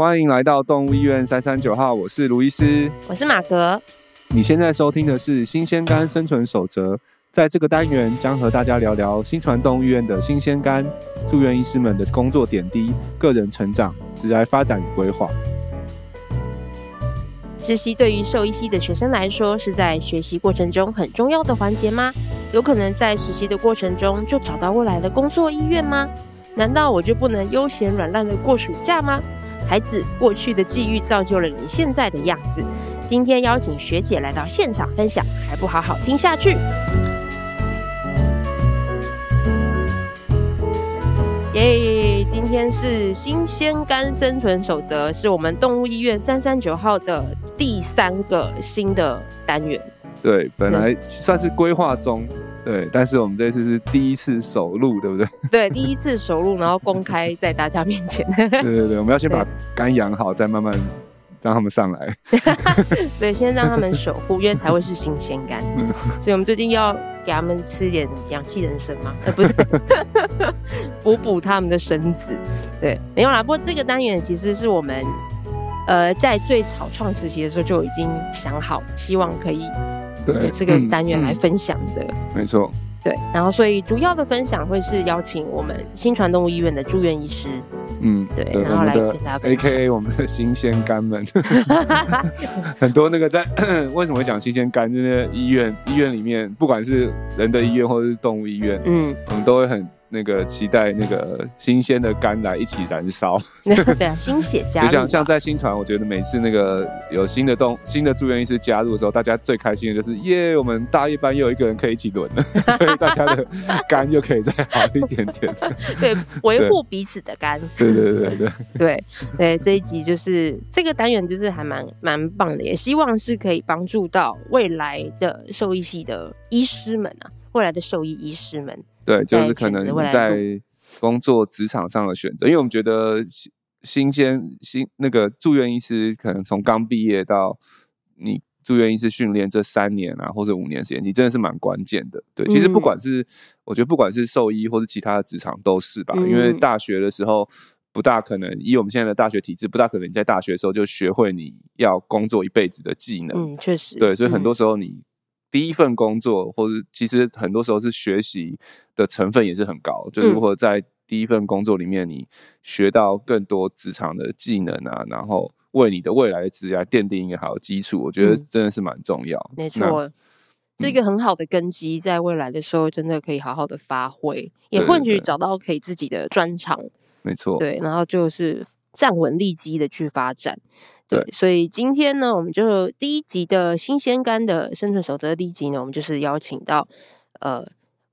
歡迎來到動物醫院三三九號，我是盧醫師，我是馬格。你現在收聽的是《新鮮肝生存守則》。在這個單元，將和大家聊聊新傳動物醫院的新鮮肝，住院醫師們的工作點滴、個人成長、職業發展與規劃。實習對於獸醫系的學生來說，是在學習過程中很重要的環節嗎？有可能在實習的過程中就找到未來的工作醫院嗎？難道我就不能悠閒軟爛的過暑假嗎？孩子，過去的際遇造就了你現在的樣子。今天邀請學姐來到現場分享，還不好好聽下去？耶、嗯！Yeah, 今天是《新鮮肝生存守則》，是我們動物醫院三三九號的第三個新的單元。對，本來算是規劃中、嗯。對，但是我們這次是第一次首錄，對不對？對，第一次首錄，然後公開在大家面前。 對對對，我們要先把肝養好，對再慢慢讓他們上來。 對，先讓他們守護， 因為才會是新鮮肝。 所以，我們最近要給他們吃一點養氣人參嘛，呃，不是，補 補他們的身子。對，沒有啦。不過，這個單元其實是我們呃在最草創時期的時候就已經想好，希望可以。對這對個單元來分享的。嗯嗯、沒錯。對，然後所以主要的分享會是邀請我們新傳動物醫院的住院醫師，嗯，對，對然後來給大家分享，AKA 我們的新鮮肝們，很多那個在 為什麼講新鮮肝？因為醫院醫院裡面不管是人的醫院或者是動物醫院，嗯，我們都會很。那個期待那個新鮮的肝來一起燃燒， 對啊，新血加入，就像像在心傳，我覺得每次那個有新的動，新的住院醫師加入的時候，大家最開心的就是耶， yeah, 我們大夜班又有一個人可以一起輪了， 所以大家的肝就可以再好一點點。 對，維護彼此的肝。對對對對對對 對，對這一集就是這個單元，就是還蠻蠻棒的，也希望是可以幫助到未來的獸醫系的醫師們啊，未來的獸醫醫師們。對，就是可能你在工作職場上的選擇，因為我們覺得新新鮮新那個住院醫師可能從剛畢業到你住院醫師訓練這三年啊，或者五年時間，你真的是蠻關鍵的。對，其實不管是、嗯、我覺得不管是獸醫或者其他的職場都是吧，嗯、因為大學的時候不大可能，以我們現在的大學體制，不大可能你在大學的時候就學會你要工作一輩子的技能。嗯，確實。對，所以很多時候你。嗯第一份工作，或者其實很多時候是學習的成分也是很高，嗯、就是如何在第一份工作裡面你學到更多職場的技能啊，然後為你的未來職涯奠定一個好的基礎，嗯、我覺得真的是蠻重要。沒錯，那是一個很好的根基，嗯、在未來的時候真的可以好好的發揮，也或許找到可以自己的專長。對對沒錯，對，然後就是。站穩立基的去發展，對，對所以今天呢，我們就第一集的《新鮮肝的生存守則》第一集呢，我們就是邀請到，呃，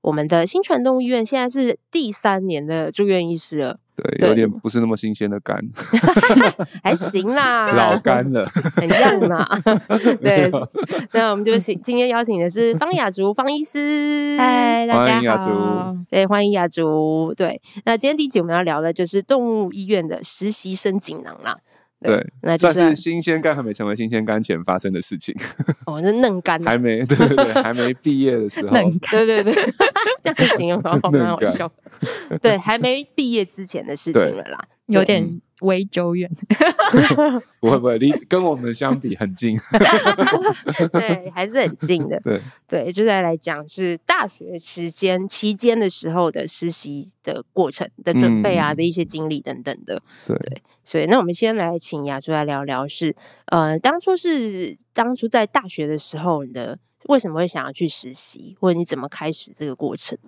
我們的心傳動物醫院現在是第三年的住院醫師了。對，有點不是那麼新鮮的肝，對 還行啦，老肝了，很硬樣啦。 對，有那我們就請今天邀請的是方雅築方醫師。嗨，大家好，雅對，歡迎雅築。對，那今天第一集，我們要聊的就是動物醫院的實習生錦囊啦。對，算是新鮮肝還沒成為新鮮肝前發生的事情。 哦，是嫩肝、啊、還沒對對對，還沒畢業的時候。 嫩肝 對對對，這樣形容蠻好笑。肝對，還沒畢業之前的事情了啦。有點微久遠，不會不會，離 跟我們相比很近 。 對，還是很近的。對對，就再來講是大學時間期間的時候的實習的過程的準備啊、嗯、的一些經歷等等的。對，對所以那我們先來請雅築來聊聊是，是呃當初是當初在大學的時候的為什麼會想要去實習，或者你怎麼開始這個過程？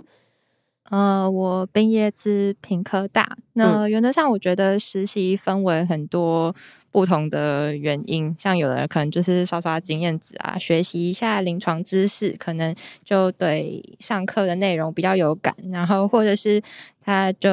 呃，我畢業自屏科大。那原則上，我覺得實習分為很多不同的原因，嗯、像有人可能就是刷刷經驗值啊，學習一下臨床知識，可能就對上課的內容比較有感，然後或者是。他就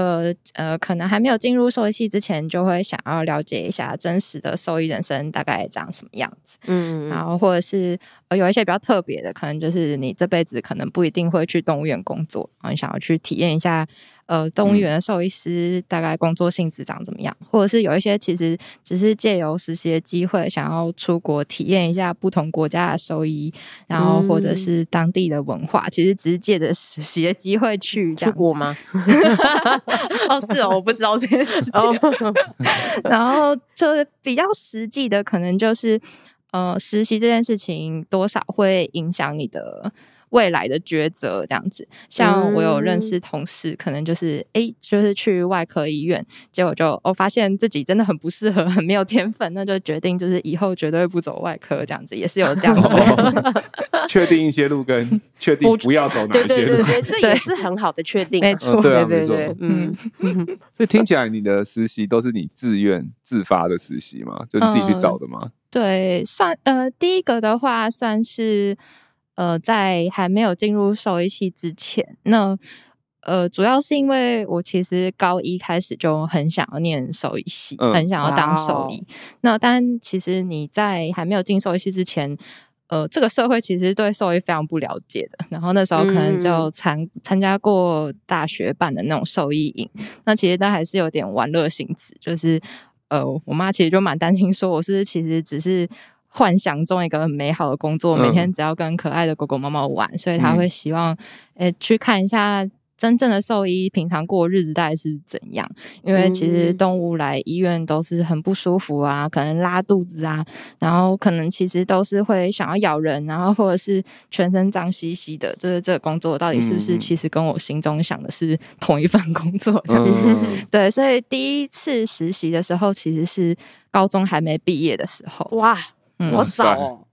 呃，可能還沒有進入獸醫系之前，就會想要了解一下真實的獸醫人生大概長什麼樣子。嗯，然後或者是呃有一些比較特別的，可能就是你這輩子可能不一定會去動物園工作，你想要去體驗一下呃，動物園的獸醫師大概工作性質長怎麼樣，嗯、或者是有一些其實只是借由實習的機會，想要出國體驗一下不同國家的獸醫，然後或者是當地的文化，嗯、其實只是借着實習的機會去這樣，樣。出國嗎？ 哦，是哦，我不知道這件事情。Oh. 然後就是比較實際的，可能就是，呃，實習這件事情多少會影響你的。未來的抉擇這樣子，像我有認識同事，嗯、可能就是哎，就是去外科醫院，結果就我，哦，發現自己真的很不適合，很沒有天分，那就決定就是以後絕對不走外科這樣子，也是有這樣子，哦， 確定一些路跟確定不要走哪一些路，對對對對，這也是很好的確定。啊，沒錯，對啊，沒錯，嗯，所以聽起來你的實習都是你自願自發的實習嘛，就自己去找的嗎？嗯、對，算呃，第一個的話算是。呃，在還沒有進入獸醫系之前，那呃，主要是因為我其實高一開始就很想要念獸醫系，呃、很想要當獸醫。Wow 那但其實你在還沒有進獸醫系之前，呃，這個社會其實對獸醫非常不了解的。然後那時候可能就參參、嗯嗯、加過大學辦的那種獸醫營，那其實但還是有點玩樂性質。就是呃，我媽其實就蠻擔心，說我是不是其實只是。幻想中一個很美好的工作，每天只要跟可愛的狗狗、貓貓玩，所以他會希望，嗯、誒，去看一下真正的獸醫平常過日子到底是怎樣，因為其實動物來醫院都是很不舒服啊，可能拉肚子啊，然後可能其實都是會想要咬人，然後或者是全身髒兮兮的，就是這個工作到底是不是其實跟我心中想的是同一份工作這樣？嗯、對，所以第一次實習的時候其實是高中還沒畢業的時候，哇。好早，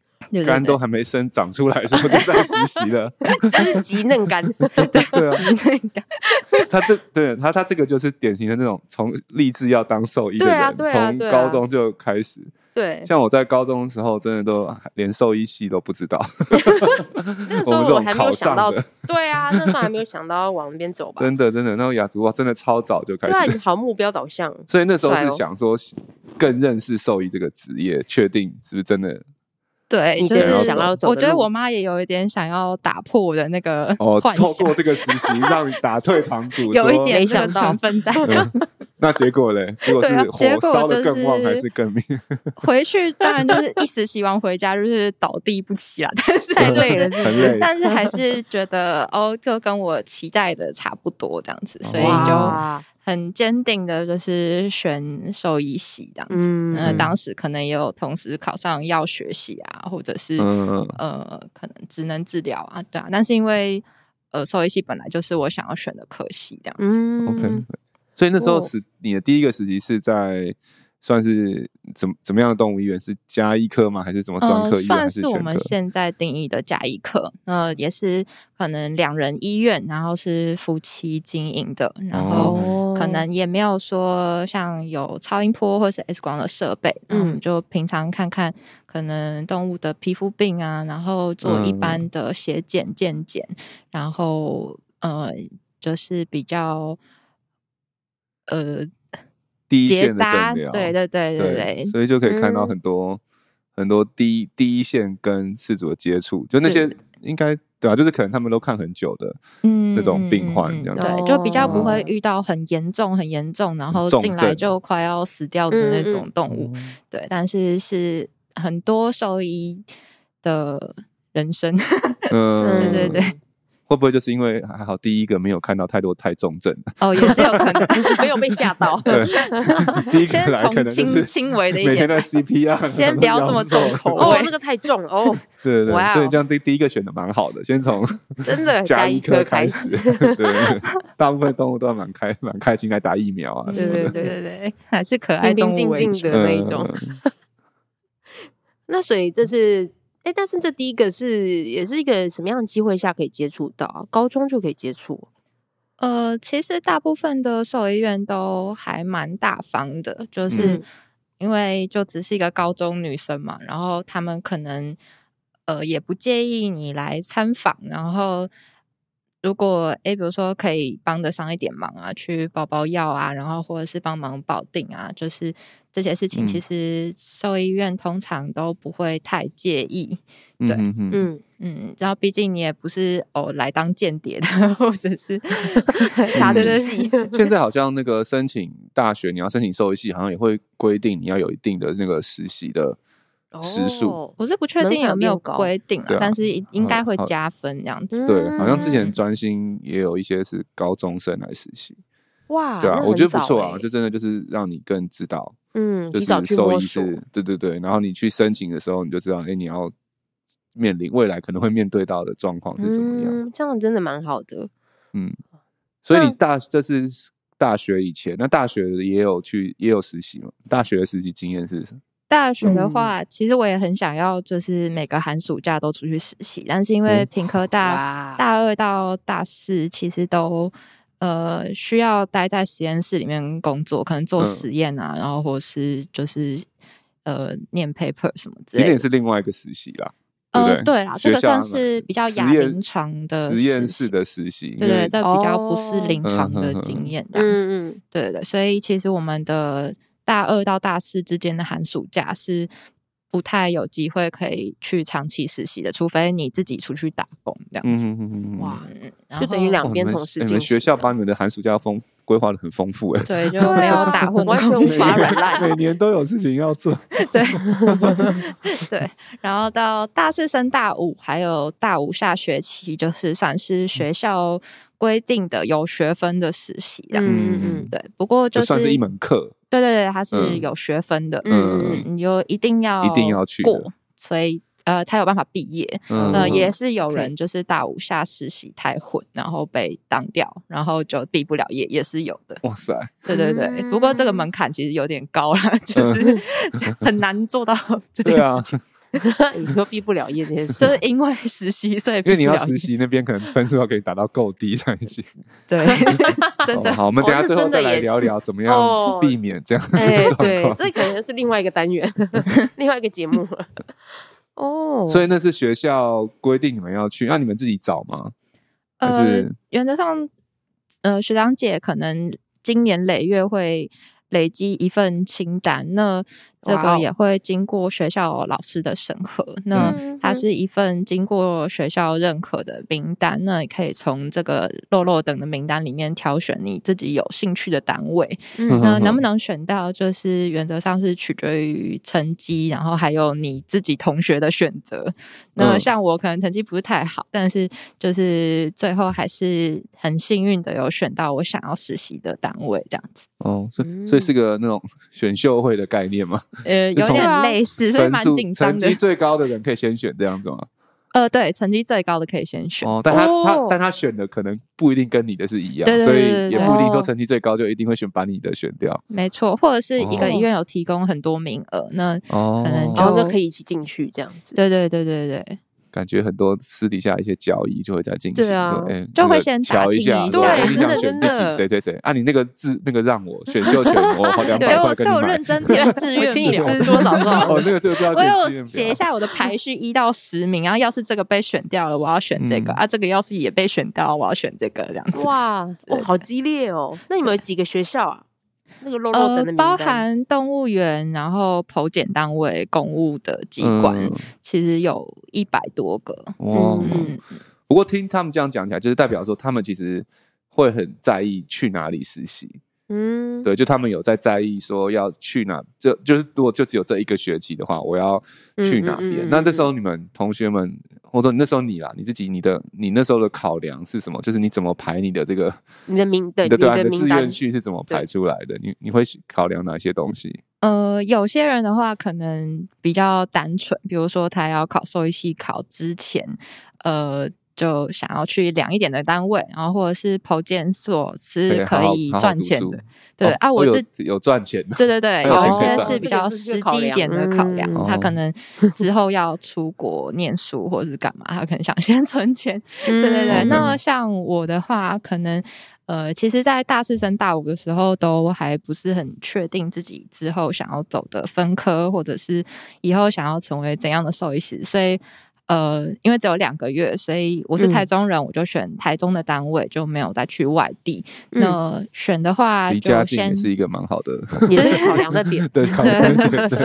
肝都還沒生長出來的時候就就在實習了，稚雞 嫩肝。對， 對啊，嫩肝 他這對，他他這個就是典型的那種從立志要當獸醫的人，從、啊啊啊啊、高中就開始。對，像我在高中的時候，真的都連獸醫系都不知道。 那個時候我還沒有想到， 上對啊，那時候還沒有想到往那邊走吧？真的，真的，那個雅築哇，真的超早就開始。那、啊、好，目標導向。所以那時候是想說，更認識獸醫這個職業，確定是不是真的？對，對就是想要走。我覺得我媽也有一點想要打破我的那個。哦， 透過這個實習，讓你打退堂鼓， 有一點這個成分在。 嗯那結果嘞？結果是火燒更旺還是更滅、啊就是？回去當然就是一時希望回家就是倒地不起啦， 但是，很 累，但是還是覺得哦，就跟我期待的差不多這樣子，所以就很堅定的就是選獸醫系這樣子。哇嗯，嗯當時可能也有同時考上藥學系啊，或者是嗯嗯呃，可能職能治療啊，對啊。但是因為呃，獸醫系本來就是我想要選的科系這樣子。嗯、OK。所以那時候是你的第一個實習是在，算是怎怎麼樣的動物醫院？是家醫科嗎？還是什麼專科醫院是科、嗯？算是我們現在定義的家醫科。那、呃、也是可能兩人醫院，然後是夫妻經營的，然後可能也沒有說像有超音波或者是 X 光的設備，嗯，就平常看看可能動物的皮膚病啊，然後做一般的血檢、尿檢，然後呃就是比較。呃，第一線的診療，對對對對對，所以就可以看到很多很多第一第一線跟飼主的接觸，就那些應該對啊，就是可能他們都看很久的，嗯，那種病患這樣對，就比較不會遇到很嚴重很嚴重，然後進來就快要死掉的那種動物，對，但是是很多獸醫的人生，嗯，對對對。會不會就是因為還好第一個沒有看到太多太重症哦？也是有可能，沒有被嚇到。對，第一個先從輕輕微的一點，每天在 CPR 先不要這麼重哦，那個太重哦。對對對，所以這樣第第一個選的蠻好的，先從真的打疫苗開始。對，大部分動物都蠻開蠻開心，來打疫苗啊。對對對對對，還是可愛平平靜靜的那種。那所以這是。誒，但是這第一個是，也是一個什麼樣的機會下可以接觸到、啊？高中就可以接觸？呃，其實大部分的獸醫院都還蠻大方的，就是因為就只是一個高中女生嘛，嗯、然後他們可能呃也不介意你來參訪，然後。如果哎，比如說可以幫得上一點忙啊，去包包藥啊，然後或者是幫忙保定啊，就是這些事情，其實獸醫院通常都不會太介意。嗯、對，嗯嗯，然後畢竟你也不是哦來當間諜的，或者是啥的。現在好像那個申請大學，你要申請獸醫系，好像也會規定你要有一定的那個實習的。時數，oh, 數我是不確定有沒有規定啊，但是應該會加分這樣子。嗯、對，好像之前專心也有一些是高中生來實習，哇，對啊，欸、我覺得不錯啊，就真的就是讓你更知道，嗯，就是受益。是，對對對。然後你去申請的時候，你就知道，哎、欸，你要面臨未來可能會面對到的狀況是怎麼樣。嗯、這樣真的蠻好的。嗯，所以你大那就是大學以前，那大學也有去也有實習嗎？大學的實習經驗是什麼？大學的話，嗯、其實我也很想要，就是每個寒暑假都出去實習，但是因為屏科大、嗯啊、大二到大四，其實都呃需要待在實驗室裡面工作，可能做實驗啊，嗯、然後或是就是呃念 paper 什麼之類的，也是另外一個實習啦。對對呃，對啦，這個算是比較亞臨床的實驗室的實習，對對，為這比較不是臨床的經驗這樣子嗯。嗯嗯對的，所以其實我們的。大二到大四之間的寒暑假是不太有機會可以去長期實習的，除非你自己出去打工這樣子。嗯嗯嗯、哇，就等於兩邊同時。你們學校把你們的寒暑假豐規劃得很豐富哎、欸，對、啊， 就沒有打混，每年都有事情要做。 對 對，然後到大四升大五，還有大五下學期，就是算是學校。嗯規定的有學分的實習，這樣子。嗯，對，不過就算是一門課，對對對，它是有學分的，嗯，你就一定要一定要去過，所以呃才有辦法畢業。呃，也是有人就是大五下實習太混，然後被當掉，然後就畢不了業，也是有的。哇塞，對對對，不過這個門檻其實有點高了，就是很難做到這件事情。欸、你說畢不了業這件事，是因為實習所以畢不了業？因為你要實習那邊可能分數要可以達到夠低才行。 對，就是、 真的、哦。好，我們等下最後再來聊聊怎麼樣避免這樣、哦欸。對，這可能是另外一個單元， 另外一個節目了。 哦，所以那是學校規定你們要去，那你們自己找嗎？呃，是原則上，呃，學長姐可能經年累月會累積一份清單，那。這個也會經過學校老師的審核，那它是一份經過學校認可的名單。那你可以從這個落落等的名單裡面挑選你自己有興趣的單位。嗯，那能不能選到，就是原則上是取決於成績，然後還有你自己同學的選擇。那像我可能成績不是太好，嗯，但是就是最後還是很幸運的有選到我想要實習的單位，這樣子。哦，所以所以是個那種選秀會的概念嗎？呃，有點類似，所以蠻緊張的。成績最高的人可以先選這樣子嗎？呃，對，成績最高的可以先選，哦、但他、哦、他但他選的可能不一定跟你的是一樣，對對對對，所以也不一定說成績最高就一定會選把你的選掉。哦、沒錯，或者是一個醫院有提供很多名額，哦、那可能、哦、然後就可以一起進去這樣子。對、對對對對對。感覺很多私底下一些交易就會在進行，對啊，就會先挑一下，對，你想選那誰誰誰啊？你那個字那個讓我選，就我好聊，給我給我認真填志願，你填多少個？我給寫一下我的排序一到十名，然後要是這個被選掉了，我要選這個啊，這個要是也被選掉，我要選這個這樣子。哇，哦，好激烈哦！那你們有幾個學校啊？那個肉肉呃，包含動物園，然後投檢單位、公務的機關，嗯，其實有一百多個。哦，不過聽他們這樣講起來，就是代表說他們其實會很在意去哪裡實習。嗯，對，就他們有在在意說要去哪，就就是如果就只有這一個學期的話，我要去哪邊？嗯嗯嗯嗯，那這時候你們同學們。我說，你那時候你啦，你自己你的你那時候的考量是什麼？就是你怎麼排你的這個你的名對你的，對的志願序是怎麼排出來的？對，你你會考量哪些東西？呃，有些人的話可能比較單純，比如說他要考獸醫系，考之前呃。就想要去涼一點的單位，然後或者是投建所，是可以賺錢的，對，好好好好對、哦、啊，我，我有，有賺錢，對對對，有一些是比較實際一點的考量，嗯嗯、他可能之後要出國念書或者是幹嘛，他可能想先存錢，嗯、對對對。嗯、那像我的話，可能呃，其實，在大四、升大五的時候，都還不是很確定自己之後想要走的分科，或者是以後想要成為怎樣的獸醫師，所以。呃，因為只有兩個月，所以我是台中人，我就選台中的單位，就沒有再去外地。那選的話，就先，離家近是一個蠻好的，也是考量的點。對，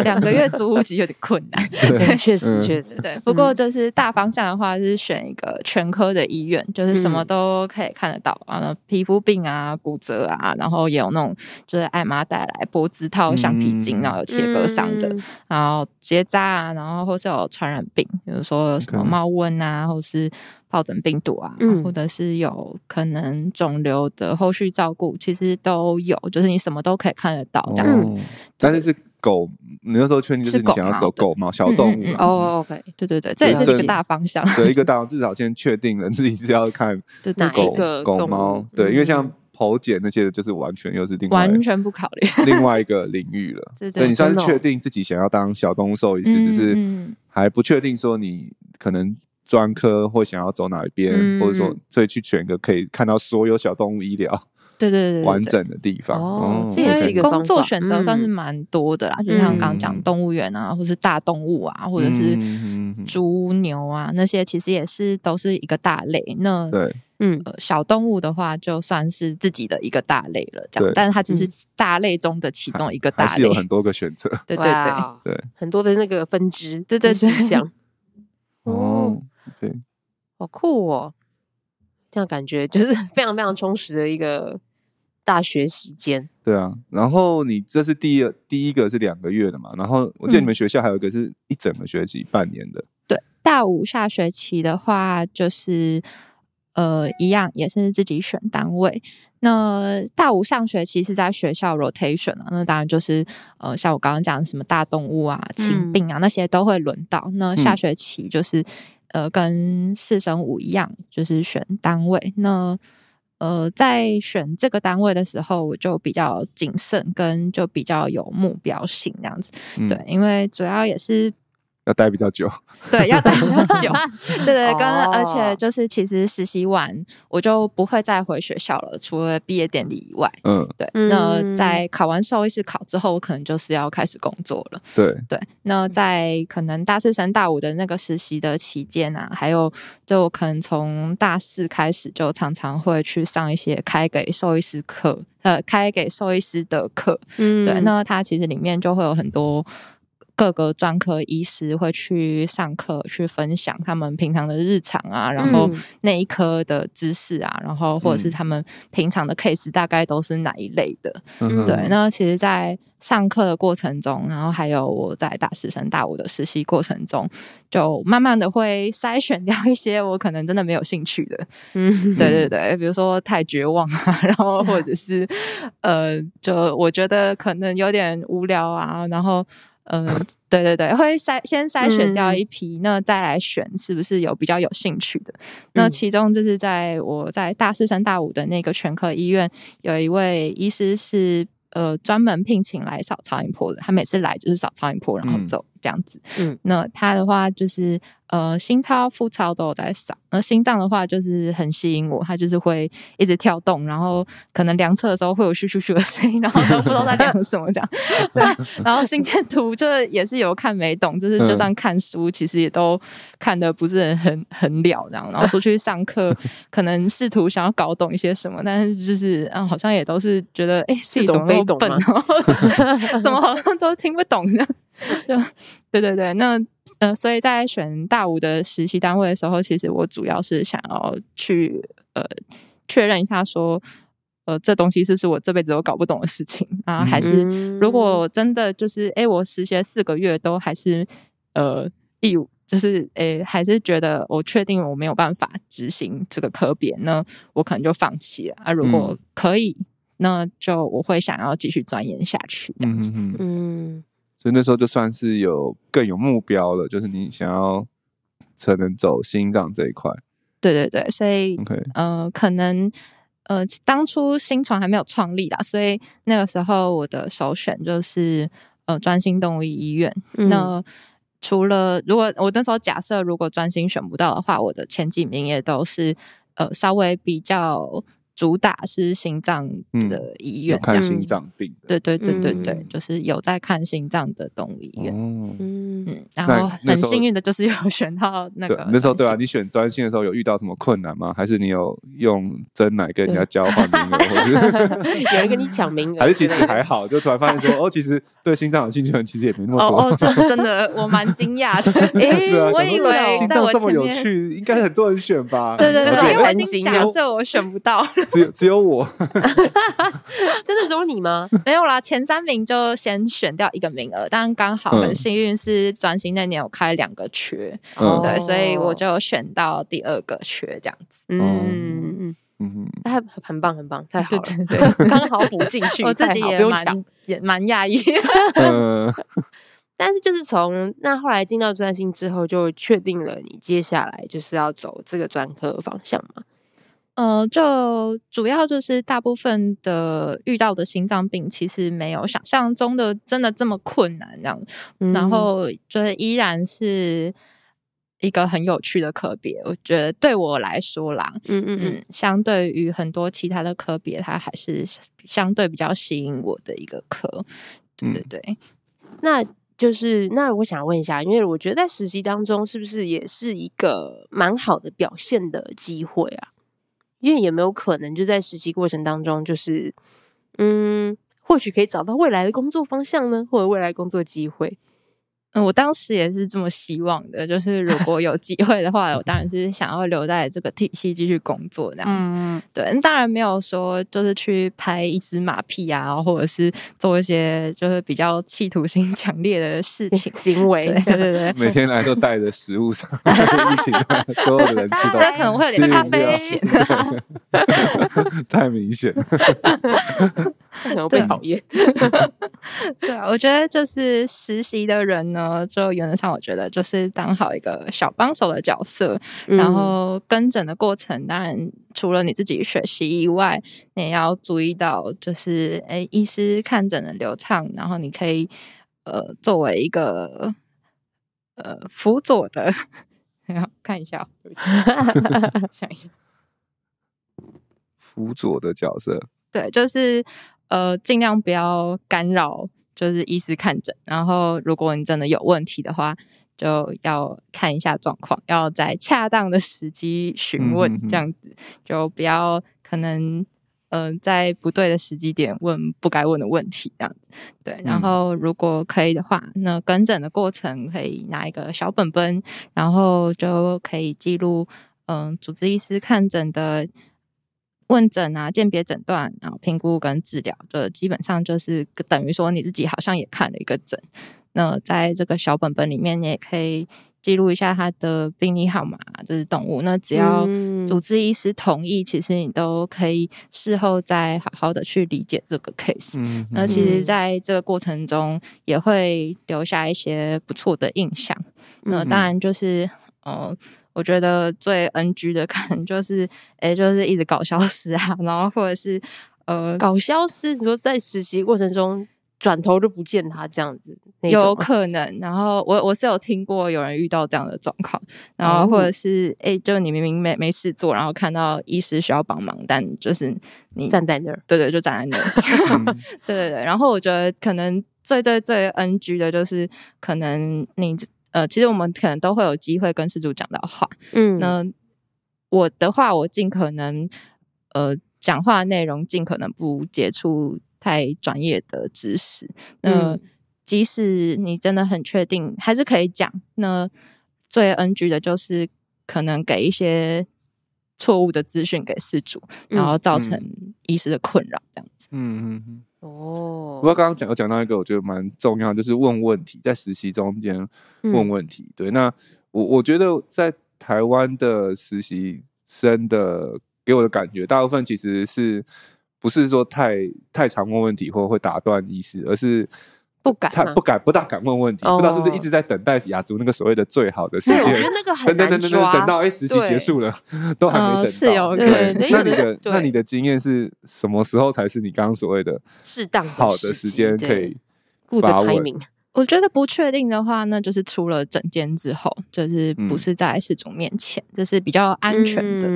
兩個月租其實有點困難。對，確實確實對。不過就是大方向的話，是選一個全科的醫院，就是什麼都可以看得到，然後皮膚病啊、骨折啊，然後也有那種就是愛媽帶來，脖子套橡皮筋，然後有切割傷的，然後結紮啊，然後或是有傳染病，比如說。什麼貓瘟啊，或者是疱疹病毒啊，或者是有可能腫瘤的後續照顧，其實都有，就是你什麼都可以看得到這樣子。但是是狗，你那時候確定是你想要走狗貓小動物哦？對對對，這也是一個大方向。一個大，至少先確定了自己是要看哪個狗狗貓，對，因為像。喉檢那些的，就是完全又是另外，完全不考慮 另外一個領域了。對，對，對，所以你算是確定自己想要當小動物獸醫師，嗯、只是還不確定說你可能專科或想要走哪一邊，嗯、或者說所以去選一個可以看到所有小動物醫療。對對對，完整的地方哦，這也是一個工作選擇，算是蠻多的啦。就像剛講動物園啊，或是大動物啊，或者是豬牛啊那些，其實也是都是一個大類。那對，嗯，小動物的話，就算是自己的一個大類了，對。但是它只是大類中的其中一個大類，還是有很多個選擇。對對對，很多的那個分支，對對對，哦，對，好酷哦，這樣感覺就是非常非常充實的一個。大學時間對啊，然後你這是第二第一個是兩個月的嘛，然後我記得你們學校還有一個是一整個學期、嗯、半年的。對，大五下學期的話就是呃一樣也是自己選單位。那大五上學期是在學校 rotation 啊，那當然就是呃像我剛剛講的什麼大動物啊、禽病啊、嗯、那些都會輪到。那下學期就是、嗯、呃跟四升五一樣，就是選單位那。呃，在選這個單位的時候，我就比較謹慎，跟就比較有目標性這樣子，嗯、對，因為主要也是。要待比較久， 對，要待比較久，對對，對，跟、oh. 而且就是，其實實習完我就不會再回學校了，除了畢業典禮以外，嗯，對。那在考完獸醫師考之後，我可能就是要開始工作了，對對。那在可能大四、三大五的那個實習的期間啊，還有就可能從大四開始，就常常會去上一些開給獸醫師課，呃，開給獸醫師的課，嗯，對。那它其實裡面就會有很多。各個專科醫師會去上課，去分享他們平常的日常啊，嗯、然後那一科的知識啊，然後或者是他們平常的 case 大概都是哪一類的。嗯、對，那其實，在上課的過程中，然後還有我在大四升大五的實習過程中，就慢慢的會篩選掉一些我可能真的沒有興趣的。嗯，對對對，比如說太絕望啊，然後或者是呃，就我覺得可能有點無聊啊，然後。呃，對對對，會篩先篩選掉一批，嗯、那再來選是不是有比較有興趣的。那其中就是在我在大四升大五的那個全科醫院，有一位醫師是呃專門聘請來掃超音波的，他每次來就是掃超音波，然後走。嗯這樣子，嗯，那他的話就是，呃，心超、腹超都有在掃。那心臟的話，就是很吸引我，他就是會一直跳動，然後可能量測的時候會有咻咻咻的聲音，然後都不知道在量什麼這樣 對。然後心電圖就也是有看沒懂，就是就算看書，其實也都看的不是很很很了這樣，然後然後出去上課，可能試圖想要搞懂一些什麼，但是就是嗯、啊，好像也都是覺得，哎、欸，是一種被懂， 怎麼好像都聽不懂這樣就。對對對，那呃，所以在選大五的實習單位的時候，其實我主要是想要去呃確認一下說，說呃這東西是不是我這輩子都搞不懂的事情啊？然後還是、嗯、如果真的就是哎、欸，我實習四個月都還是呃，有就是哎、欸，還是覺得我確定我沒有辦法執行這個科別呢，那我可能就放棄了啊。如果可以，嗯、那就我會想要繼續鑽研下去這樣子，嗯。嗯所以那時候就算是有更有目標了，就是你想要才能走心臟這一塊。對對對，所以 OK，呃，可能呃當初心傳還沒有創立啦。所以那個時候我的首選就是呃專心動物醫醫院。嗯。那除了如果我那時候假設如果專心選不到的話，我的前幾名也都是呃稍微比較。主打是心臟的醫院，看心臟病。對對對對對，就是有在看心臟的動物醫院，嗯嗯，然後很幸運的就是有選到那個。那時候對啊，你選專心的時候有遇到什麼困難嗎？還是你有用珍奶跟人家交換名額？有人跟你搶名額？還是其實還好，就突然發現說，哦，其實對心臟有興趣的人其實也沒那麼多。哦，這真的，我蠻驚訝的，哎，我以為心臟這麼有趣，應該很多人選吧？對對對，因為我已經假設我選不到。只有只有我， 真的只有你嗎？ 沒有啦，前三名就先選掉一個名額，但剛好很幸運是專心那年我開兩個缺，嗯、對，所以我就選到第二個缺這樣子。嗯嗯嗯嗯、啊，很棒很棒，太好了對對對，剛 好補進去， 我自己也蠻也蠻訝異。嗯 但是就是從那後來進到專心之後，就確定了你接下來就是要走這個專科方向嘛。呃，就主要就是大部分的遇到的心臟病，其實沒有想象中的真的這麼困難，這樣。嗯、然後就是依然是一個很有趣的科別，我覺得對我來說啦，嗯嗯嗯，嗯，相對於很多其他的科別，它還是相對比較吸引我的一個科，對對對。嗯、那就是那我想問一下，因為我覺得在實習當中，是不是也是一個蠻好的表現的機會啊？因為有沒有可能就在實習過程當中，就是嗯，或許可以找到未來的工作方向呢，或者未來工作機會？嗯，我當時也是這麼希望的，就是如果有機會的話， 我當然是想要留在這個體系繼續工作，這樣子。嗯、對，當然沒有說就是去拍一隻馬屁啊，或者是做一些就是比較企圖心強烈的事情 行為。對對對，每天來都帶着食物上， 所有的人吃到。那可能會有點咖啡、啊、 太明顯顯。 可被討厭對。 對啊，我覺得就是實習的人呢，就原則上我覺得就是當好一個小幫手的角色，嗯、然後跟診的過程，當然除了你自己學習以外，你也要注意到，就是哎、欸，醫師看診的流暢，然後你可以呃作為一個呃輔佐的， 看一下、喔，想一下，輔 佐的角色，對，就是。呃，儘量不要干擾，就是醫師看診。然後，如果你真的有問題的話，就要看一下狀況，要在恰當的時機詢問，這樣子、嗯、哼哼就不要可能，嗯、呃，在不對的時機點問不該問的問題，這樣子。對。然後，如果可以的話，那跟診的過程可以拿一個小本本，然後就可以記錄，嗯、呃，主治醫師看診的。問診啊，鑑別診斷，然後評估跟治療，就基本上就是等於說你自己好像也看了一個診。那在這個小本本裡面，你也可以記錄一下他的病歷號碼、啊，就是動物。那只要主治醫師同意，嗯、其實你都可以事後再好好的去理解這個 case。嗯嗯、那其實，在這個過程中，也會留下一些不錯的印象。那當然就是呃。我覺得最 NG 的可能就是，哎、欸，就是一直搞消失啊，然後或者是呃，搞消失。你說在實習過程中，轉頭就不見他這樣子，有可能。然後我我是有聽過有人遇到這樣的狀況，然後或者是哎、嗯欸，就你明明沒沒事做，然後看到醫師需要幫忙，但就是你站在那兒，對對，就站在那兒， 嗯、 對對對。然後我覺得可能最最最 NG 的就是，可能你。呃，其實我們可能都會有機會跟飼主講到話，嗯，那我的話，我盡可能，呃，講話內容盡可能不接觸太專業的知識，嗯、那即使你真的很確定，還是可以講。那最 NG 的就是可能給一些。錯誤的資訊給事主，然後造成醫師的困擾，這樣子。嗯嗯嗯。哦、嗯。不、嗯、過、嗯、剛剛講，我講到一個我覺得蠻重要，就是問問題，在實習中間問問題。嗯、對，那我我覺得在台灣的實習生的給我的感覺，大部分其實是不是說太太常問問題，或者會打斷醫師，而是，不敢，他不敢，不大敢問問題，不知道是不是一直在等待雅築那個所謂的最好的時間，等等等等，等到哎實習結束了，都還沒等到。對，那你的那你的經驗是什麼時候才是你剛剛所謂的適當好的時間可以？顧著 timing，我覺得不確定的話，那就是出了整間之後，就是不是在四種面前，就是比較安全的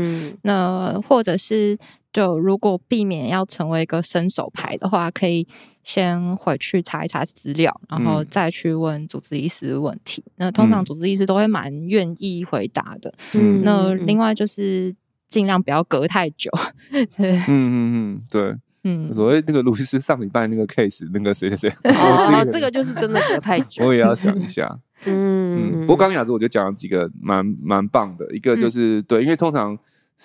那，或者是。就如果避免，要成為一個伸手牌的話，可以先回去查一查資料，然後再去問主治醫師問題。嗯、那通常主治醫師都會蠻願意回答的。嗯嗯、那另外就是盡量不要隔太久。對，嗯嗯嗯，對，嗯。所以那個盧醫師上禮拜那個 case，那個誰誰誰，哦， 好 這個就是真的隔太久，我也要想一下。嗯，嗯，不過剛剛雅築我就講了幾個蠻蠻，蠻棒的，一個就是、嗯、對，因為通常。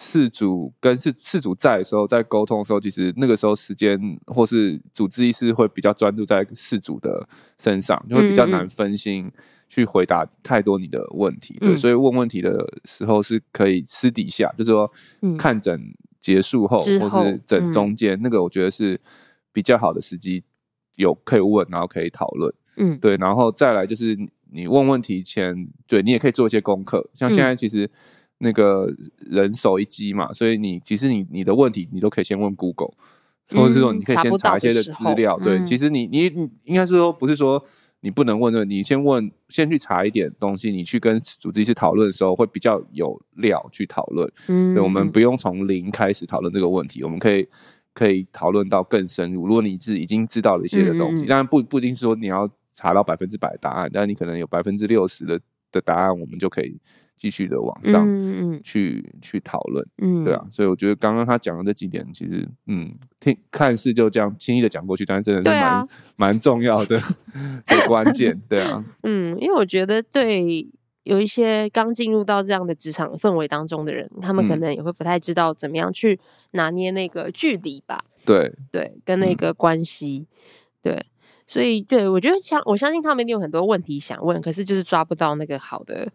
事主跟事事主在的時候，在溝通的時候，其實那個時候時間或是主治醫師會比較專注在飼主的身上，就會比較難分心去回答太多你的問題。嗯、對，所以問問題的時候是可以私底下，嗯、就是說看診結束後、嗯、或是診中間，嗯、那個我覺得是比較好的時機，有可以問，然後可以討論。嗯，對，然後再來就是你問問題前，對你也可以做一些功課，像現在其實。嗯那個人手一機嘛，所以你其實你你的問題你都可以先問 Google，嗯、或者是說你可以先查一些的資料。嗯、對，其實你你，你應該是說不是說你不能問的，嗯、你先問先去查一點東西，你去跟主治醫師討論的時候會比較有料去討論。嗯，我們不用從零開始討論這個問題，我們可以可以討論到更深入。如果你是已經知道了一些的東西，嗯、當然不不一定是說你要查到百分之百的答案，但你可能有百分之六十的的答案，我們就可以。繼續的往上嗯，嗯嗯，去去討論，對啊，所以我覺得剛剛他講的這幾點，嗯、其實，嗯，聽看似就這樣輕易的講過去，但是真的是蠻蠻、啊、重要的，很 關鍵，對啊，嗯，因為我覺得對有一些剛進入到這樣的職場氛圍當中的人，嗯、他們可能也會不太知道怎麼樣去拿捏那個距離吧，對，對，跟那個關係，嗯、對，所以對我覺得相我相信他們一定有很多問題想問，可是就是抓不到那個好的。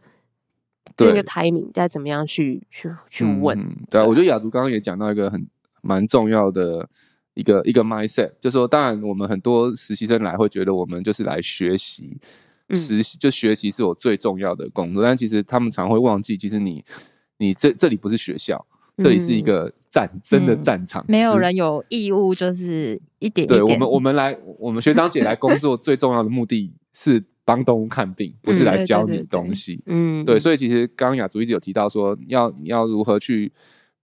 這對個排名該怎麼樣去去去問、嗯？對啊，對啊，我覺得雅築剛剛也講到一個很蠻重要的一個一個 mindset，就是說，當然我們很多實習生來會覺得我們就是來學習，嗯、實習就學習是我最重要的工作，但其實他們常會忘記，其實你你這這裡不是學校，這裡是一個戰爭、嗯、的戰場，嗯、是沒有人有義務就是一點,一點。對我們我們來，我們學長姐來工作 最重要的目的是幫動物看病，不是來教你的東西，嗯，對、對、對、對、對，所以其實剛剛雅築一直有提到說，要要如何去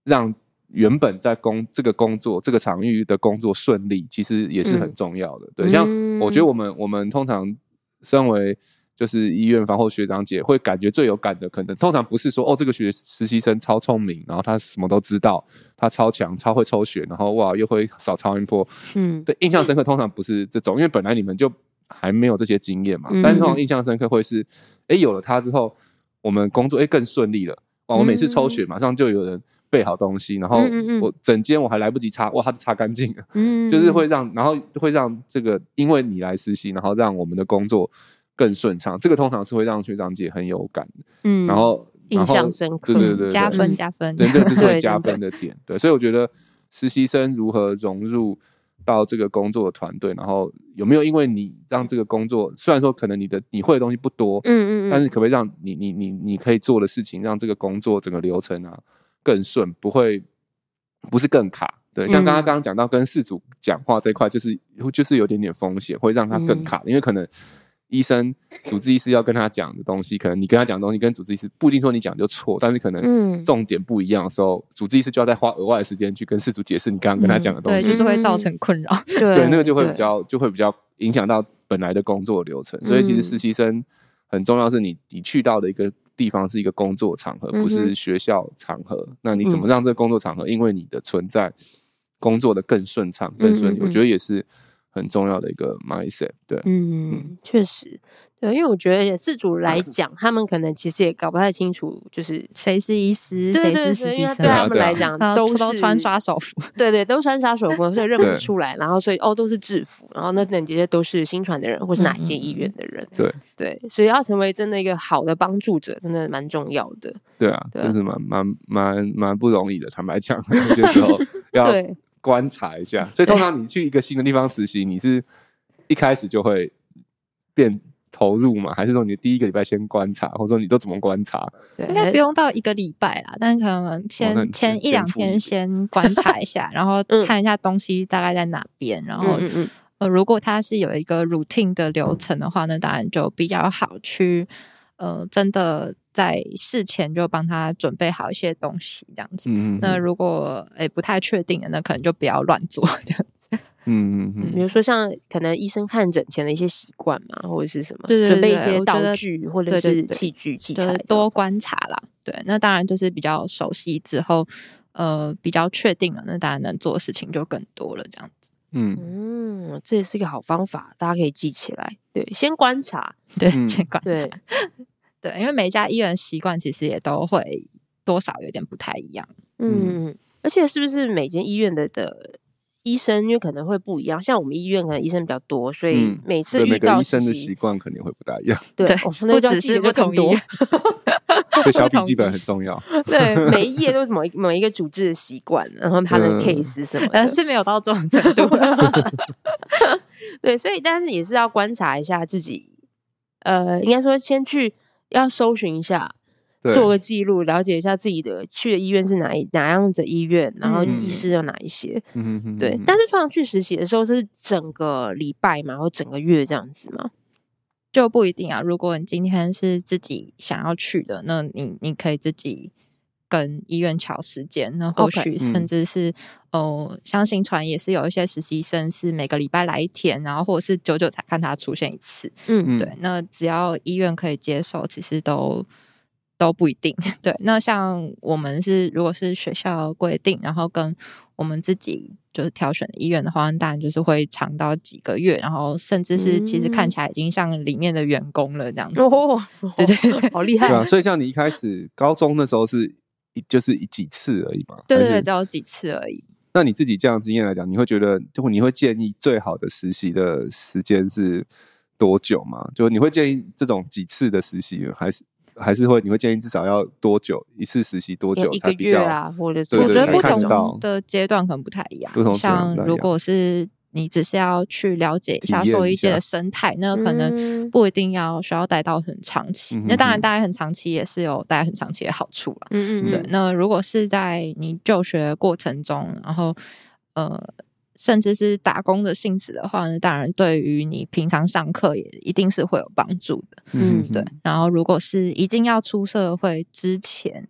讓原本在工這個工作這個場域的工作順利，其實也是很重要的。嗯、對，像我覺得我們我們通常身為就是醫院方或學長姐會感覺最有感的，可能通常不是說哦這個學習實習生超聰明，然後他什麼都知道，他超強，超會抽血，然後哇又會掃超音波，嗯，對，印象深刻通常不是這種，嗯、因為本來你們就。還沒有這些經驗嘛，但是通常印象深刻會是，哎、嗯哼欸，有了他之後，我們工作會、欸、更順利了。哇、啊，我每次抽血，馬上就有人備好東西，嗯、哼然後我整間我還來不及擦，哇，他就擦乾淨了。嗯、哼就是會讓，然後會讓這個，因為你來實習，然後讓我們的工作更順暢。這個通常是會讓學長姐很有感的。嗯，然後，然後印象深刻，對、對、對、對、對、對、對，加分加分，真的就是會加分的點。對、對、對、對、對，所以我覺得實習生如何融入。到這個工作的團隊，然後有沒有因為你讓這個工作，雖然說可能你的你會的東西不多，嗯，嗯嗯，但是可不可以讓你你你你可以做的事情，讓這個工作整個流程啊更順，不會不是更卡？對，嗯、像剛剛剛剛講到跟飼主講話這塊，就是就是有點點風險，會讓他更卡，嗯、因為可能。醫生主治醫師要跟他講的東西，可能你跟他講的東西跟主治醫師不一定說你講就錯，但是可能重點不一樣的時候，嗯、主治醫師就要再花額外的時間去跟飼主解釋你剛剛跟他講的東西，嗯，對，就是會造成困擾，對，對，那個就會比較對就會比較影響到本來的工作的流程，所以其實實習生很重要，是你你去到的一個地方是一個工作場合，不是學校場合，嗯、哼那你怎麼讓這個工作場合，嗯、因為你的存在工作的更順暢、更順利？嗯嗯嗯，我覺得也是。很重要的一個 mindset，對，嗯，確實，對，因為我覺得飼主來講，他們可能其實也搞不太清楚，就是誰是醫師，誰是實習生，對他們來講都是穿刷手服，對對，都穿刷手服，所以認不出來，然後所以哦，都是制服，然後那等這些都是心傳的人，或是哪一間醫院的人，對對，所以要成為真的一個好的幫助者，真的蠻重要的，對啊，就是蠻蠻蠻蠻不容易的，坦白講，有些時候要，對。觀察一下，所以通常你去一個新的地方實習，對你是一開始就會變投入嘛？還是說你第一個禮拜先觀察，或者說你都怎麼觀察？對應該不用到一個禮拜啦，但可能先、哦、先前一兩天先觀察一下， 然後看一下東西大概在哪邊，然後嗯嗯，呃，如果它是有一個 routine 的流程的話，那當然就比較好去，呃，真的。在事前就幫他準備好一些東西，這樣子。嗯嗯、那如果、欸、不太確定的，那可能就不要亂做，這樣嗯。嗯嗯嗯。比如說像可能醫生看診前的一些習慣嘛，或者是什麼，對，準備一些道具或者是器具器材，多觀察啦。對，那當然就是比較熟悉之後，呃，比較確定了，那當然能做的事情就更多了，這樣子。嗯嗯，這也是一個好方法，大家可以記起來。對，先觀察。對，先觀察。嗯 對，因為每一家醫院的習慣其實也都會多少有點不太一樣，嗯，而且是不是每間醫院的的醫生因為可能會不一樣，像我們醫院可能醫生比較多，所以每次遇到、嗯、每個醫生的習慣肯定會不大一樣，對，對不只是不同意對小筆記本很重要，對，每一頁都是某一某一個主治的習慣，然後他的 case 什麼的，但、呃、 是沒有到這種程度， 對，所以但是也是要觀察一下自己，呃，應該說先去。要搜尋一下，對做個記錄，了解一下自己的去的醫院是哪一哪樣的醫院，嗯、然後醫師有哪一些。嗯、對，但是通常去實習的時候是整個禮拜嘛，或整個月這樣子嘛，就不一定啊。如果你今天是自己想要去的，那你你可以自己。跟醫院喬時間，那或許甚至是哦，像心傳，也是有一些實習生是每個禮拜來一天，然後或者是久久才看他出現一次。嗯，對。那只要醫院可以接受，其實都都不一定。對，那像我們是，如果是學校規定，然後跟我們自己就是挑選的醫院的話，當然就是會長到幾個月，然後甚至是其實看起來已經像裡面的員工了這樣子。哦、嗯，對對對，哦哦、好厲害 對、啊。所以像你一開始 高中的時候是，一就是一幾次而已嘛，對，對對，還是，只有幾次而已。那你自己這樣經驗來講，你會覺得，就你會建議最好的實習的時間是多久嗎？就你會建議這種幾次的實習，還是還是會你會建議至少要多久一次實習多久才比較？或者、一個月啊？我覺得不同的階段可能不太一樣。像如果是。你只是要去了解一下獸醫界的生態，那可能不一定要需要待到很長期。嗯、那當然，待很長期也是有待很長期的好處了。嗯，嗯嗯，對。那如果是在你就學過程中，然後呃，甚至是打工的性質的話呢，那當然對於你平常上課也一定是會有幫助的。嗯，嗯，嗯，對。然後如果是一定要出社會之前。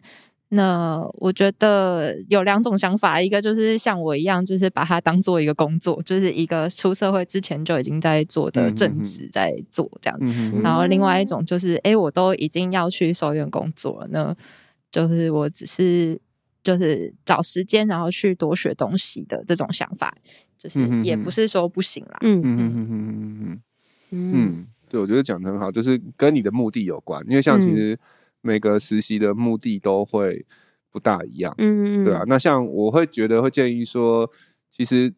那我覺得有兩種想法，一個就是像我一樣，就是把它當做一個工作，就是一個出社會之前就已經在做的正職在做這樣。嗯嗯然後另外一種就是，哎、欸，我都已經要去收院工作了，那就是我只是就是找時間，然後去多學東西的這種想法，就是也不是說不行啦。嗯嗯嗯嗯嗯嗯，對，我覺得講得很好，就是跟你的目的有關，因為像其實、嗯。每個實習的目的都會不大一樣，嗯，嗯，嗯，對啊，那像我會覺得會建議說，其實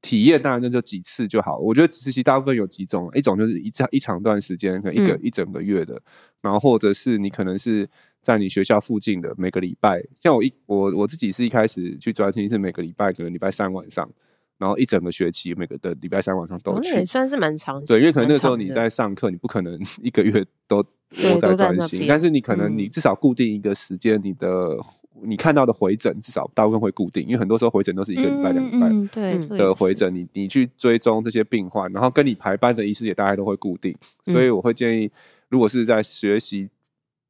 體驗當然那就幾次就好。我覺得實習大部分有幾種，一種就是一長一長段時間，可能一個、嗯、一整個月的，然後或者是你可能是在你學校附近的每個禮拜。像我一我我自己是一開始去專心是每個禮拜可能禮拜三晚上，然後一整個學期每個的禮拜三晚上都去，那、哦、算是蠻長時間，對，因為可能那時候你在上課，你不可能一個月都，我在專心，但是你可能你至少固定一個時間，你的你看到的回診至少大部分會固定，因為很多時候回診都是一個禮拜、兩禮、嗯、拜的回診、嗯嗯。你你去追蹤這些病患，然後跟你排班的醫師也大概都會固定。所以我會建議，如果是在學習、嗯、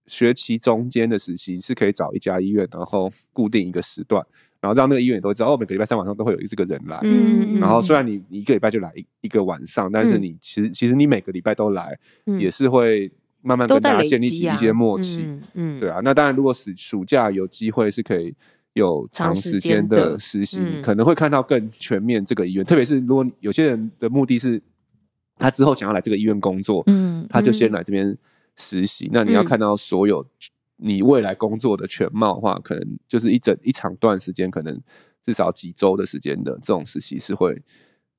學期中間的時期，是可以找一家醫院，然後固定一個時段，然後讓那個醫院也都知道哦，每個禮拜三晚上都會有這個人來。嗯，嗯然後雖然你一個禮拜就來一個晚上，但是你其實、嗯、其實你每個禮拜都來也是會。慢慢跟大家建立起一些默契，啊、嗯，嗯對啊。那當然，如果是暑假有機會，是可以有長時間的實習，嗯、可能會看到更全面這個醫院。嗯、特別是如果有些人的目的是他之後想要來這個醫院工作，嗯，嗯他就先來這邊實習。嗯、那你要看到所有你未來工作的全貌的話，嗯、可能就是一整一長段時間，可能至少幾週的時間的這種實習是會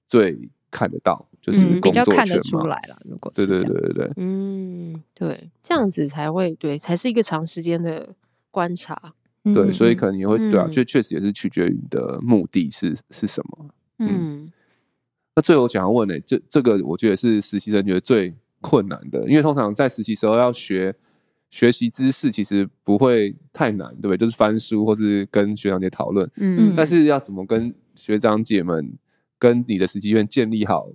最看得到。就是、嗯、比較看得出來了，如果是，對對對對對，嗯，對，這樣子才會對，才是一個長時間的觀察，對，嗯、所以可能也會、嗯、對啊，就確實也是取決於你的目的是是什麼，嗯，嗯，那最後想要問呢、欸，這這個我覺得是實習生覺得最困難的，因為通常在實習時候要學學習知識其實不會太難，對不對？就是翻書或是跟學長姐討論，嗯，但是要怎麼跟學長姐們跟你的實習院建立好。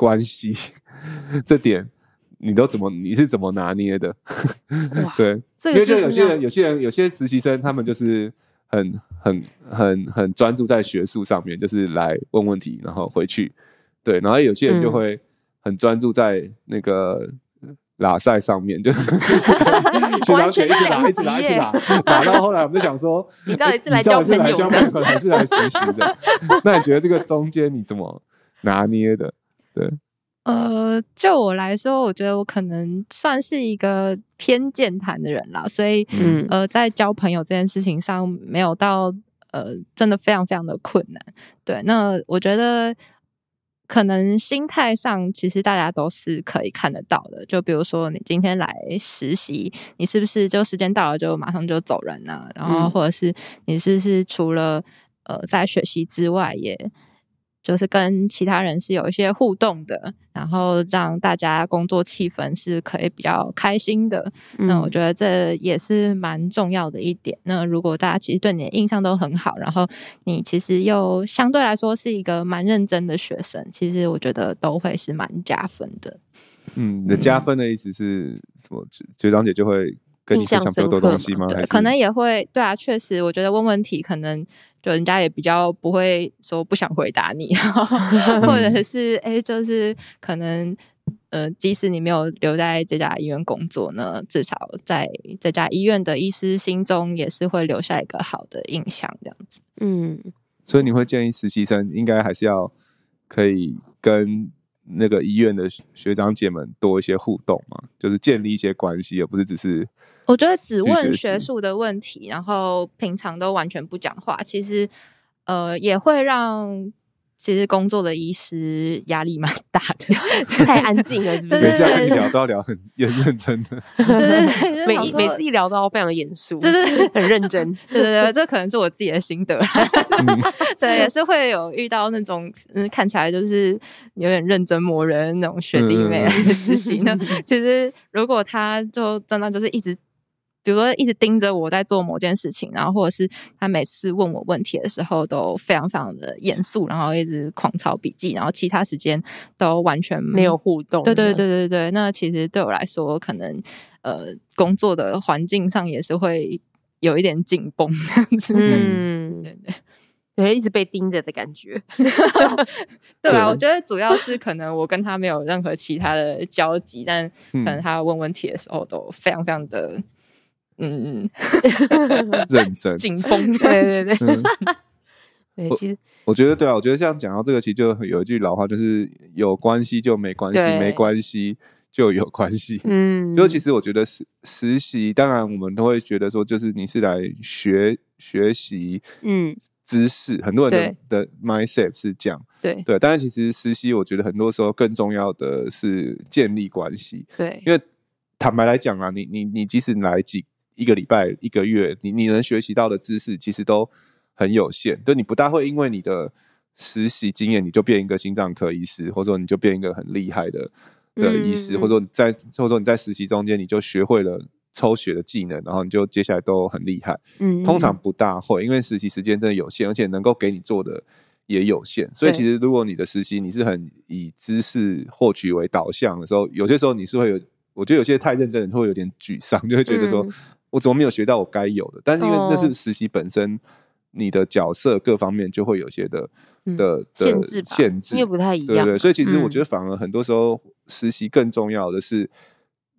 關係這點，你都怎麼？你是怎麼拿捏的？哇 對，因為就有些人，有些人，有些實習生，他們就是很、很、很、很專注在學術上面，就是來問問題，然後回去。對，然後有些人就會很專注在那個拉賽上面，嗯、就然後全力去打，一直打， 一，直一直打，打到後來，我們就想說， 你到底是來交朋友的，還、欸、是，是來實習的？ 那你覺得這個中間你怎麼拿捏的？呃，就我來說，我覺得我可能算是一個偏健談的人啦，所以，嗯，呃，在交朋友這件事情上，沒有到呃，真的非常非常的困難。對，那我覺得可能心態上，其實大家都是可以看得到的。就比如說，你今天來實習，你是不是就時間到了就馬上就走人了啊？然後，或者是你是不是除了呃在學習之外也？就是跟其他人是有一些互動的，然後讓大家工作氣氛是可以比較開心的。嗯、那我覺得這也是蠻重要的一點。那如果大家其實對你的印象都很好，然後你其實又相對來說是一個蠻認真的學生，其實我覺得都會是蠻加分的。嗯，那、嗯、加分的意思是什麼？學長姐就會跟你分享更多的東西嗎？可能也會。對啊，確實，我覺得問問題可能。就人家也比較不會說不想回答你， 或者是哎、欸，就是可能呃，即使你沒有留在這家醫院工作呢，至少在這家醫院的醫師心中也是會留下一個好的印象，這樣子。嗯，所以你會建議實習生應該還是要可以跟那個醫院的學長姐們多一些互動嘛，就是建立一些關係，而不是只是。我覺得只問學術的問題，學學然後平常都完全不講話，其實，呃，也會讓其實工作的醫師壓力蠻大的， 太安靜了，是不是？每次一聊到聊很很認真的， 每一 每次一聊到非常嚴肅，就是 很認真， 對對對，這可能是我自己的心得， 對，也是會有遇到那種嗯看起來就是有點認真磨人那種學弟妹實習的，嗯啊、 其實如果他就真的就是一直。比如說，一直盯着我在做某件事情，然後或者是他每次問我問題的時候都非常非常的嚴肅，然後一直狂抄筆記，然後其他時間都完全沒有互動。對對對對對，那其實對我來說，可能呃工作的環境上也是會有一點緊繃這樣子，嗯，對，對，對，對，一直被盯着的感覺。對啊，我覺得主要是可能我跟他沒有任何其他的交集，但可能他問問題的時候都非常非常的。嗯嗯，認真，緊繃，對對對，其實我覺得對啊，我覺得像講到這個，其實就有一句老話，就是有關係就沒關係，沒關係就有關係。嗯，就其實我覺得實實習，當然我們都會覺得說，就是你是來學學習嗯，知識，很多人的 mindset 是這樣，對對。但是其實實習，我覺得很多時候更重要的是建立關係。對，因為坦白來講啊，你你你，即使來幾。一個禮拜、一個月，你你能學習到的知識其實都很有限。就你不大會因為你的實習經驗，你就變一個心臟科醫師，或者說你就變一個很厲害的的醫師，嗯嗯。或者說你在或者說你在實習中間，你就學會了抽血的技能，然後你就接下來都很厲害。嗯、嗯，通常不大會，因為實習時間真的有限，而且能夠給你做的也有限。所以，其實如果你的實習你是很以知識獲取為導向的時候，有些時候你是會有，我覺得有些太認真你會有點沮喪，就會覺得說。嗯我怎麼沒有學到我該有的？但是因為那是實習本身，哦、你的角色各方面就會有些的、嗯、的的限、限制，限制又不太一樣，啊，對，對對，所以其實我覺得反而很多時候實習更重要的是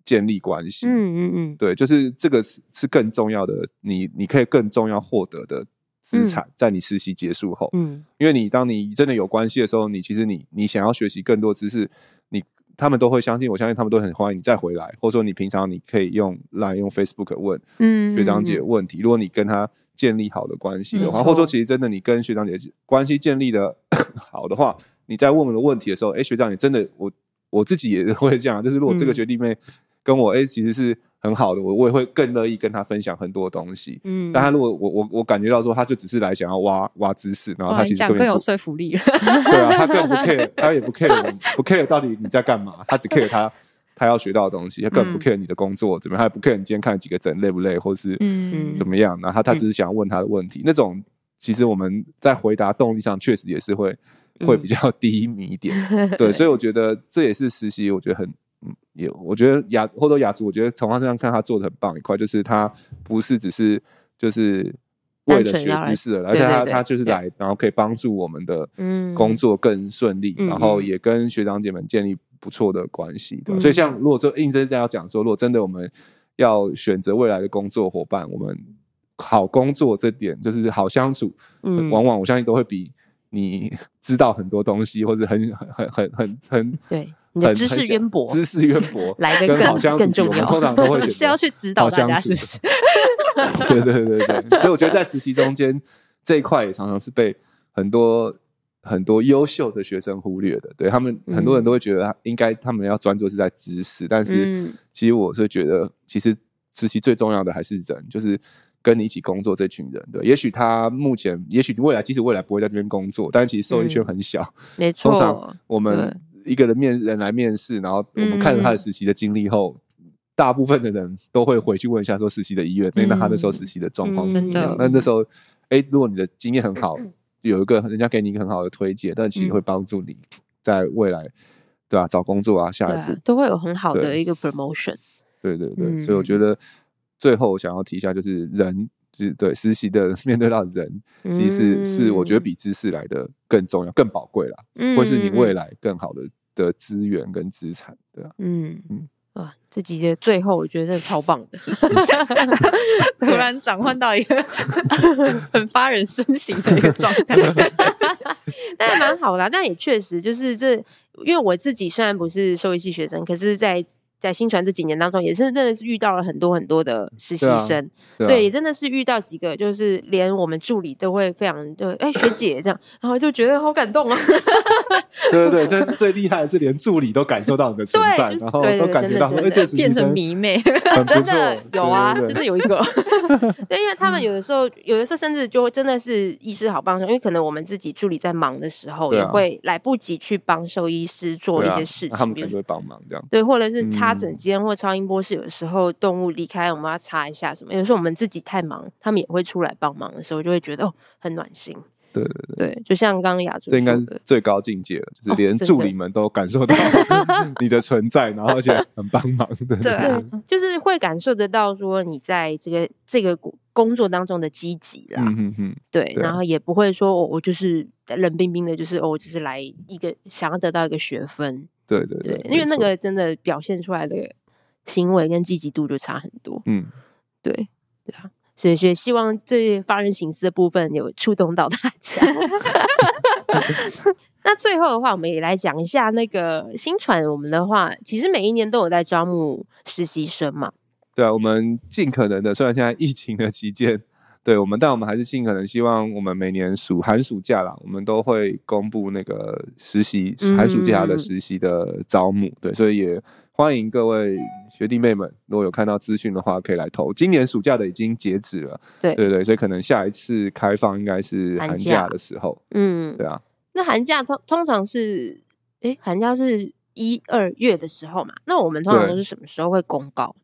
建立關係，嗯。嗯嗯嗯，對，就是這個是是更重要的，你你可以更重要獲得的資產，在你實習結束後，嗯，嗯，因為你當你真的有關係的時候，你其實你你想要學習更多知識，你。他們都會相信我，我相信他們都很歡迎你再回來，或者說你平常你可以用 LINE 用 Facebook 問學長姐問題。嗯嗯嗯嗯，如果你跟他建立好的關係的話，錯或者說其實真的你跟學長姐關係建立的好的話，你在問我的問題的時候，哎、欸，學長你真的，我我自己也會這樣、啊，就是如果這個學弟妹跟我哎、欸、其實是。很好的，我我也會更樂意跟他分享很多東西。嗯，但他如果我我我感覺到說，他就只是來想要挖挖知識，然後他其實更有說服力。 對啊，他根本不 care，他也不 care， 不 care 到底你在幹嘛，他只 care 他 他要學到的東西，他根本不 care 你的工作、嗯、怎麼樣，他也不 care 你今天看了幾個診，累不累，或是嗯怎麼樣。嗯、然後他他只是想要問他的問題，嗯、那種其實我們在回答動力上確實也是會會比較低迷一點。嗯、 對，所以我覺得這也是實習，我覺得很。嗯，也我覺得雅或者雅築，我覺得從他身上看，他做的很棒一塊，就是他不是只是就是為了學知識了，對對對，而且他他就是來，對然後可以幫助我們的工作更順利，嗯，然後也跟學長姐們建立不錯的關係，所以，像如果應這應徵這樣講說，如果真的我們要選擇未來的工作夥伴，我們好工作這點就是好相處，嗯，往往我相信都會比。你知道很多東西，或者很很很很很很對，很知識淵博，知識淵博 來的更跟好相更重要。通常都會是要去指導大家相，是不是？對對對對，所以我覺得在實習中間這一塊也常常是被很多很多優秀的學生忽略的。對他們，很多人都會覺得應該他們要專注是在知識，嗯、但是其實我是覺得，其實實習最重要的還是人，就是。跟你一起工作這群人，對，也許他目前，也許未來，即使未來不會在這邊工作，但其實獸醫圈很小。嗯、沒錯，通常我們一個人面對人來面試，然後我們看了他的實習的經歷後，嗯、大部分的人都會回去問一下說實習的醫院，那、嗯、他那時候實習的狀況真、嗯嗯、的？那那時候，如果你的經驗很好，嗯、有一個人家給你一個很好的推薦，嗯、但其實會幫助你在未來，對吧、啊？找工作啊，下一步對、啊、都會有很好的一個 promotion。對對對，嗯、所以我覺得。最後我想要提一下，就是人，就對實習的面對到人，其實是、嗯、是我覺得比知識來的更重要、更寶貴啦，嗯、或是你未來更好的的資源跟資產、啊，對吧？嗯嗯，哇、嗯啊，這幾節最後我覺得真的超棒的，突然轉換到一個很發人深省的一個狀態，但蠻好的，但也確實就是這，因為我自己雖然不是獸醫系學生，可是在。在心傳這幾年當中，也是真的是遇到了很多很多的實習生，對，啊對，啊、對，也真的是遇到幾個，就是連我們助理都會非常就，就、欸、哎學姐 這樣，然後就覺得好感動啊。 對對對，這是最厲害的，是連助理都感受到你的存在，然後都感覺，然後會變成迷妹。真的有啊，真的有一個。對，因為他們有的時候，有的時候甚至就會真的是醫師好幫手。因為可能我們自己助理在忙的時候，也會來不及去幫獸醫師做一些事情。他們會不會幫忙這樣？對，或者是擦診間或超音波室，有的時候動物離開，我們要擦一下什麼。有的時候我們自己太忙，他們也會出來幫忙的時候，就會覺得哦，很暖心。對對對，就像剛剛雅築說的，這應該是最高境界了，就是連助理們都感受到你的存在，然後而且很幫忙的。對，就是會感受得到說你在這個這個工作當中的積極啦，對，然後也不會說我我就是冷冰冰的，就是我就是來一個想要得到一個學分。對對對，因為那個真的表現出來的行為跟積極度就差很多。嗯，對，對啊。所以，所以希望這發人深思的部分有觸動到大家。 那最後的話，我們也來講一下那個新傳。我們的話，其實每一年都有在招募實習生嘛。對啊，我們盡可能的，雖然現在疫情的期間，對我們，但我們還是盡可能希望，我們每年暑寒暑假啦，我們都會公布那個實習寒暑假的實習的招募。嗯嗯對，所以也。歡迎各位學弟妹們，如果有看到資訊的話，可以來投。今年暑假的已經截止了，對對對，所以可能下一次開放應該是寒假的時候。嗯，對啊。那寒假通，通常是，哎，寒假是一二月的時候嘛？那我們通常都是什麼時候會公告？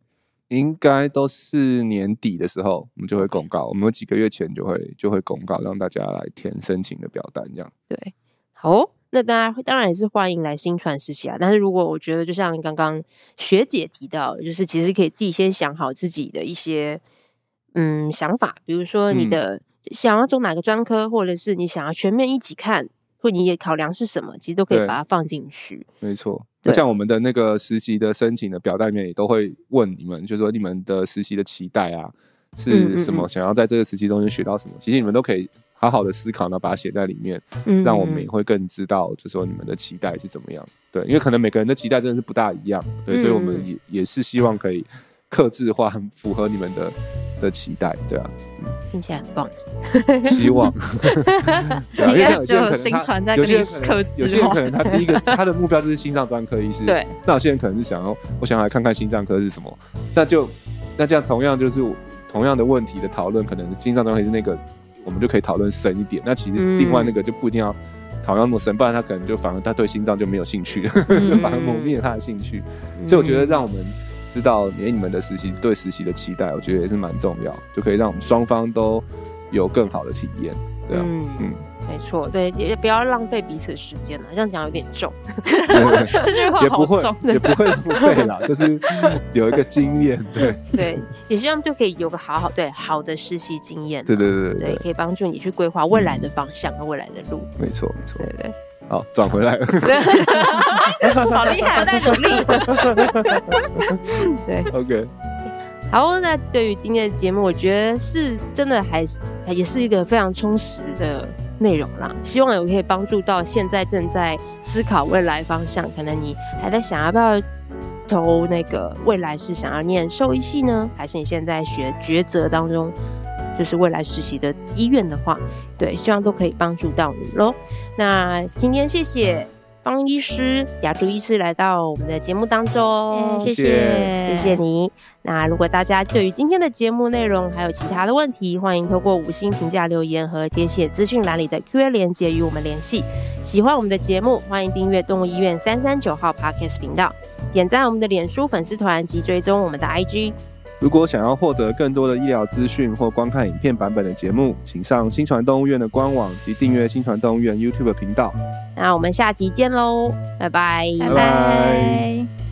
應該都是年底的時候，我們就會公告。對我們幾個月前就會就會公告，讓大家來填申請的表單，這樣。對，好哦。那大家當然也是歡迎來心傳實習啊。但是如果我覺得，就像剛剛學姐提到，就是其實可以自己先想好自己的一些嗯想法，比如說你的想要走哪個專科，嗯、或者是你想要全面一起看，或者你也考量是什麼，其實都可以把它放進去。沒錯，像對我們的那個實習的申請的表單裡面也都會問你們，就說、是、你們的實習的期待啊是什麼，嗯嗯嗯想要在這個實習中間學到什麼，其實你們都可以。好好的思考呢，把它寫在裡面，嗯，讓我們也會更知道，就說你們的期待是怎麼樣，嗯嗯對，因為可能每個人的期待真的是不大一樣，對，嗯嗯所以我們也也是希望可以客製化，很符合你們的的期待，對啊，嗯、聽起來很棒，希望，因為 對有些可能他有些科，有些可能他第一個 他的目標就是心臟專科醫師，對，那有些人可能是想要，我想來看看心臟科是什麼，那就那這樣同樣就是同樣的問題的討論，可能心臟專科醫師那個。我們就可以討論深一點。那其實另外那個就不一定要討論那麼深，嗯、不然他可能就反而他對心臟就沒有興趣，嗯嗯 就反而磨滅了他的興趣。嗯嗯所以我覺得讓我們知道連你，你們的實習對實習的期待，我覺得也是蠻重要，就可以讓我們雙方都有更好的體驗。對啊，嗯。嗯沒錯，對，也不要浪費彼此時間了。這樣講有點重，這句話好重。也不會付費了，就是有一個經驗，對對，也希望就可以有個好好對好的實習經驗。對對對，可以幫助你去規劃未來的方向和未來的路。沒錯沒錯，對對，好，轉回來了，好厲害，我再努力。對，OK。好，那對於今天的節目，我覺得是真的，還是也是一個非常充實的。內容啦，希望有可以幫助到現在正在思考未來方向，可能你還在想要不要投那個未來是想要念獸醫系呢，還是你現在學抉擇當中，就是未來實習的醫院的話，對，希望都可以幫助到你嘍。那今天謝謝方醫師、雅築醫師來到我們的節目當中，謝謝，謝謝你。那如果大家對於今天的節目內容還有其他的問題，歡迎透過五星評價留言和填寫資訊欄裡的 Q&A 鏈接與我們聯繫。喜歡我們的節目，歡迎訂閱動物醫院三三九號 Podcast 頻道，點贊我們的臉書粉絲團及追蹤我們的 IG。如果想要獲得更多的醫療資訊或觀看影片版本的節目，請上心傳動物醫院的官網及訂閱心傳動物醫院 YouTube 頻道。那我們下集見嘍，拜拜，拜拜。拜拜。